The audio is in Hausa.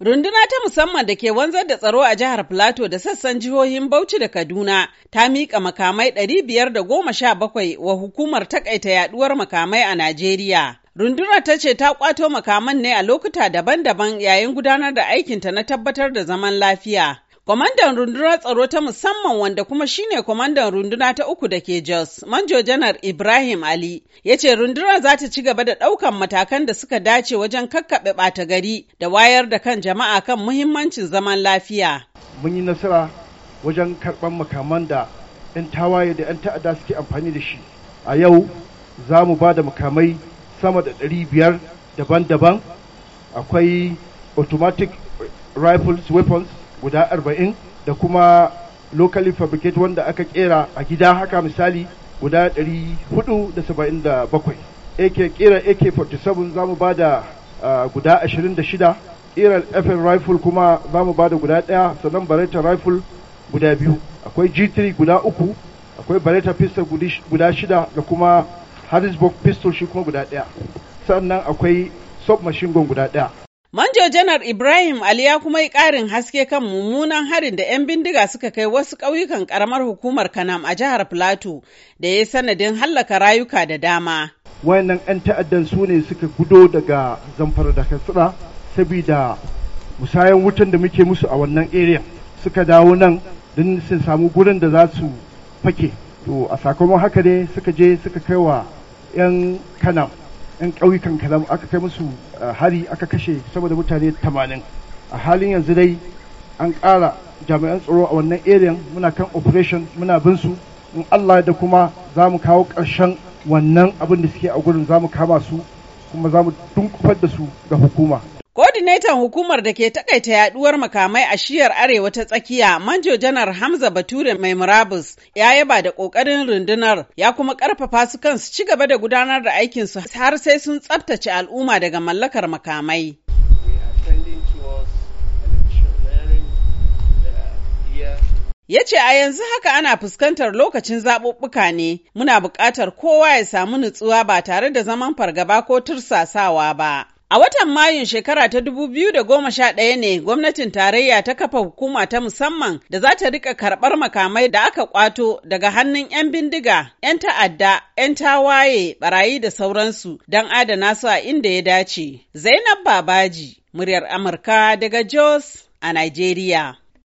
Runduna ta musamman da ke wanzar da tsaro a jihar Plateau da sassan jihohin Bauchi da Kaduna ta miƙa makamai 517 wa hukumar takaita yaduwar makamai a Najeriya. Rundunar ta ce ta kwato makaman ne a lokuta daban-daban yayin gudanar da aikinta na tabbatar da zaman lafiya. Kwamandan rundunar tsaro ta musamman wanda kuma shine kwamandan runduna ta uku da ke Jos, Manjo Janar Ibrahim Ali, ya ce rundunar za ta ci gaba da ɗaukan matakan da suka dace wajen kakkaɓe ɓata gari da wayar da kan jama'a kan muhimmancin zaman lafiya. Mun yi nasara wajen karɓar makaman da 'yan tawaye da 'yan ta'adda suke amfani da shi. A yau za mu ba da makamai sama da ɗari biyar daban-daban. Akwai automatic rifles, weapons, guda arba'in da kuma locally fabricate wanda aka kera a gida haka misali guda ɗari hudu da saba'in da bakwai ak kera ak-47 za mu ba da ah, guda ashirin da shida kera FN rifle kuma za mu ba da guda ɗaya sannan bareta rifle guda biyu akwai G3 guda uku akwai bareta pistol guda shida da kuma Harrisburg pistol shi kuma guda ɗaya sannan akwai submachine gun guda ɗaya Manjo Janar Ibrahim Ali ya kuma yi ƙarin haske kan mummunan harin da 'yan bindiga suka kai wasu ƙauyukan ƙaramar hukumar Kanam a jihar Filato da ya yi sanadin hallaka rayuka da dama. Wayannan 'yan ta'addan su ne suka gudo daga zamfara da katsira saboda musayan wutan da muke musu a wannan area suka dawo nan don sun samu gurin da za su fake. To a sakamakon haka ne suka je suka kai wa 'yan Kanam 'yan ƙauyukan Kanam aka kai musu hari aka kashe saboda mutane 80 a halin yanzu dai an ƙara jami'an tsaro a wannan eriyan muna kan operation muna bin su in Allah da kuma za mu kawo ƙarshen wannan abin da suke a gurin za mu kama su kuma za mu dunkufar da su ga hukuma Kodinetan hukumar da ke takaita yaduwar makamai a shiyar arewa ta tsakiya Manjo Janar Hamza Bature mai murabus ya yaba da kokarin rundunar ya kuma karfafa su kansu ci gaba da gudanar da aikinsu har sai sun tsabtace al'umma daga mallakar makamai. Ya ce a yanzu haka ana fuskantar lokacin zaɓuɓɓuka ne, muna buƙatar kowa ya samu nutsuwa ba tare da zaman fargaba ko tursasawa ba. A watan Mayun shekara ta 2011 ne gwamnatin tarayya ta kafa hukuma ta musamman da za ta rika karɓar makamai da aka kwato daga hannun 'yan bindiga, 'yan ta'adda, 'yan tawaye, barayi da sauransu don adana su a inda ya dace. Zainab Babaji, muryar Amurka daga Jos a Nigeria.